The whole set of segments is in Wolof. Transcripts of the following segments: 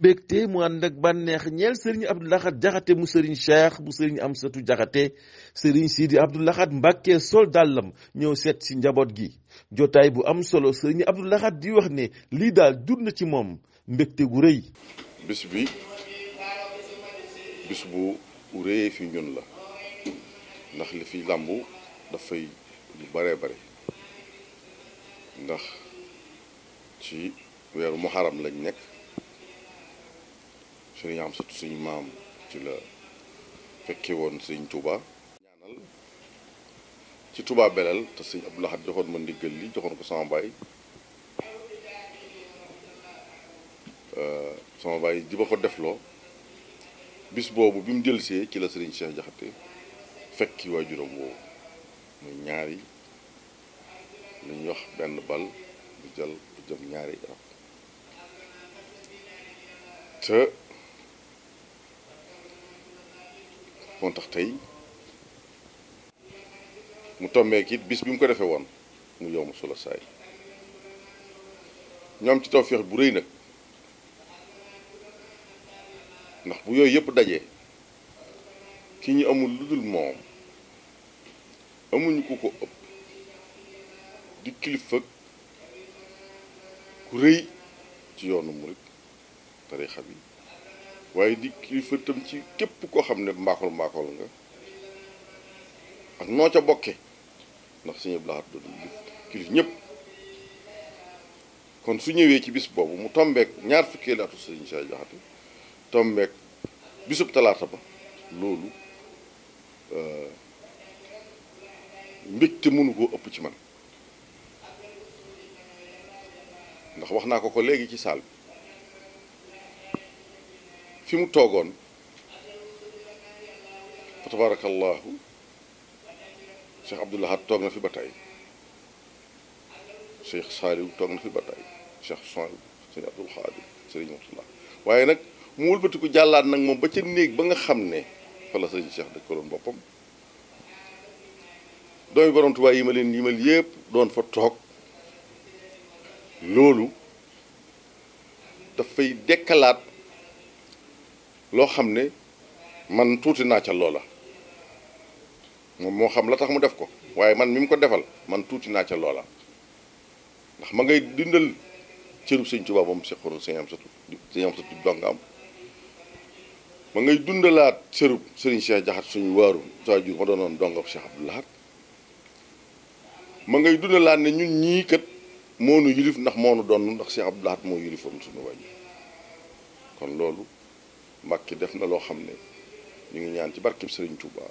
mbégte mu ànd ak bànneex ñeel sëriñ Abdou Jaxate mu sëriñ Cheikh mu sëriñ Amsatu Jaxate sëriñ sii Abdou Lahad Mbàkke sol dàllam ñëw seet ci njaboot gi jotaay bu am solo sëriñ Abdou di wax ne lii daal jur na ci moom mbégte gu rëy bis bi bis bu réyee fi ñun la ndax li fi làmb dafay bare bare ndax ci weeru muharam lañ nekk sëriñ am satu suñu maam ci la fekke woon sëriñ Touba. ñaanal ci Touba Belel te ab Abdou Lahad joxoon ma ndiggal li joxoon ko sama baay euh, sama baay ji ba ko defloo bis boobu bi mu dellusee ci la sëriñ Cheikh Jaxate fekki juróom woowu muy ñaari lu ñuy wax benn bal bu jël bu jëm ñaari rab moo tax tey mu tombeek it bis bi mu ko defee woon mu yowmu sula saay ñoom ci tawféex bu rëy nag ndax bu yooyu yëpp dajee ki ñu amul lu dul moom amuñu ku ko ëpp di kilifa ku rëy ci yoonu murit tarixa bi waaye di kilifa tam ci képp koo xam ne mbaaxul mbaaxul nga ak noo ca bokke ndax Sëñ Abdou Lahad doon kilif ñëpp kon su ñëwee ci bis boobu mu tombeek ñaar fukkeelu atu Sëñ Cheikh Diakhaté tombeek bisub talaata ba loolu euh, mbégte mënu koo ëpp ci man ndax wax naa ko ko léegi ci saal bi fi mu toogoon fa tabarakallahu cheikh abdoulahat toog na fi ba tey cheikh saaliw toog na fi ba tey cheikh soib abdul xaadir sëriñ Murtala waaye nag mu wëlbatiku jàllaat nag moom ba ca néeg ba nga xam ne fa la sëriñ cheikh dëkkaloon boppam doomi borom tubaay yi ma leen yimal yépp doon fa toog loolu dafay dëkkalaat loo xam ne man tuuti naa ca loola moom moo xam la tax mu def ko waaye man mi mu ko defal man tuuti naa ca loola ndax ma ngay dindal cërub sëñ Tuubaa moom si xuru sëñ am satu sëñ am ma ngay dundalaat cërub sëriñ Cheikh Jaxat suñu waaru saa jur ma doonoon dongab Cheikh Abdou Lahad ma ngay dundalaat ne ñun ñii kat moonu yilif ndax moonu doon ndax Cheikh Abdou moo yilifoon suñu wàññi kon loolu Mbàkke def na loo xam ne ñu ngi ñaan ci barkeb Serigne Touba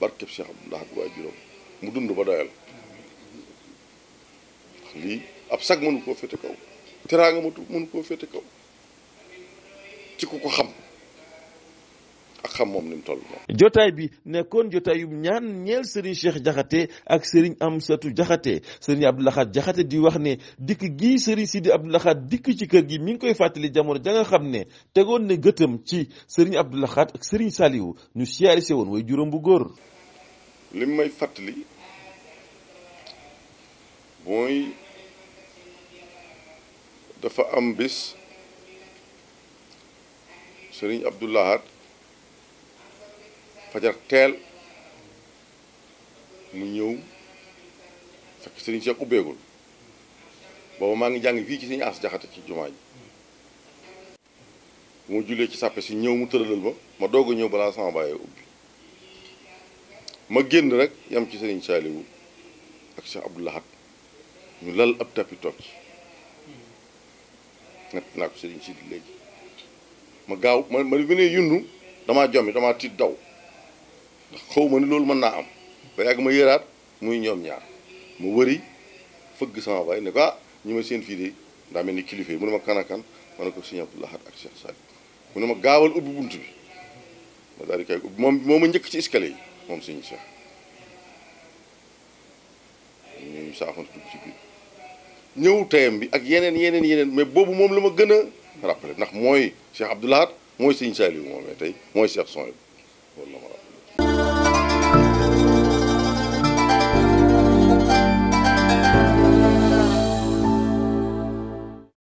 barkeb Cheikh Abdou Lahad juróom mu dund ba doyal lii ab sag mënu koo féete kaw teraanga matu mënu koo féete kaw ci ku ko xam xam moom ni mu moom jotaay bi nekkoon jotaay yu ñaan ñeel Serigne Cheikh Diakhaté ak sëriñ Amsatou Diakhaté Serigne Abdou Lahad Diakhaté di wax ne dikk gi Serigne Sidi Abdou dikk ci kër gi mi ngi koy fàttali jamono janga xam ne tegoon ne gëtam ci sëriñ Abdou sëriñ ak ñu siyaarisi woon way juróom bu góor lim may fàttali mooy dafa am bis sëriñ Abdou fajar teel mu ñëw fekk si Cheikh ubbeegul booba maa ngi jàng fii ci Serigne As Jaxate ci jumaa ji bu ma jullee ci sàppe si ñëw mu tëralal ba ma doog a ñëw balaa sama bàyyee ubbi ma génn rek yam ci Serigne Saliou ak Cheikh Abdou Lahad ñu lal ab tappi toog ci nett naa ko Serigne Sidi léegi ma gaaw ma ma venee yundu damaa jommi damaa tiit daw xawma ni lolou meuna am ba yag ma yëraat muy ñom ñaar mu wëri fëgg sama bay ne ko ñima seen fi de da melni ni mu ne ma kanakan man ko seigne Abdou Lahad ak Cheikh Saliou mu ne ma gaawal ubbi buntu bi ma dari kay koy ubbi moom moo ci escalier yi moom sëñ Cheikh ñoom saaxoon dugg ci bi ñëw tayem bi ak yenen yenen yenen mais bobu mom luma gëna gën rappelé ndax moy Cheikh Abdou Lahad seigne sëñ Saliou moom tey mooy Cheikh Son wallahu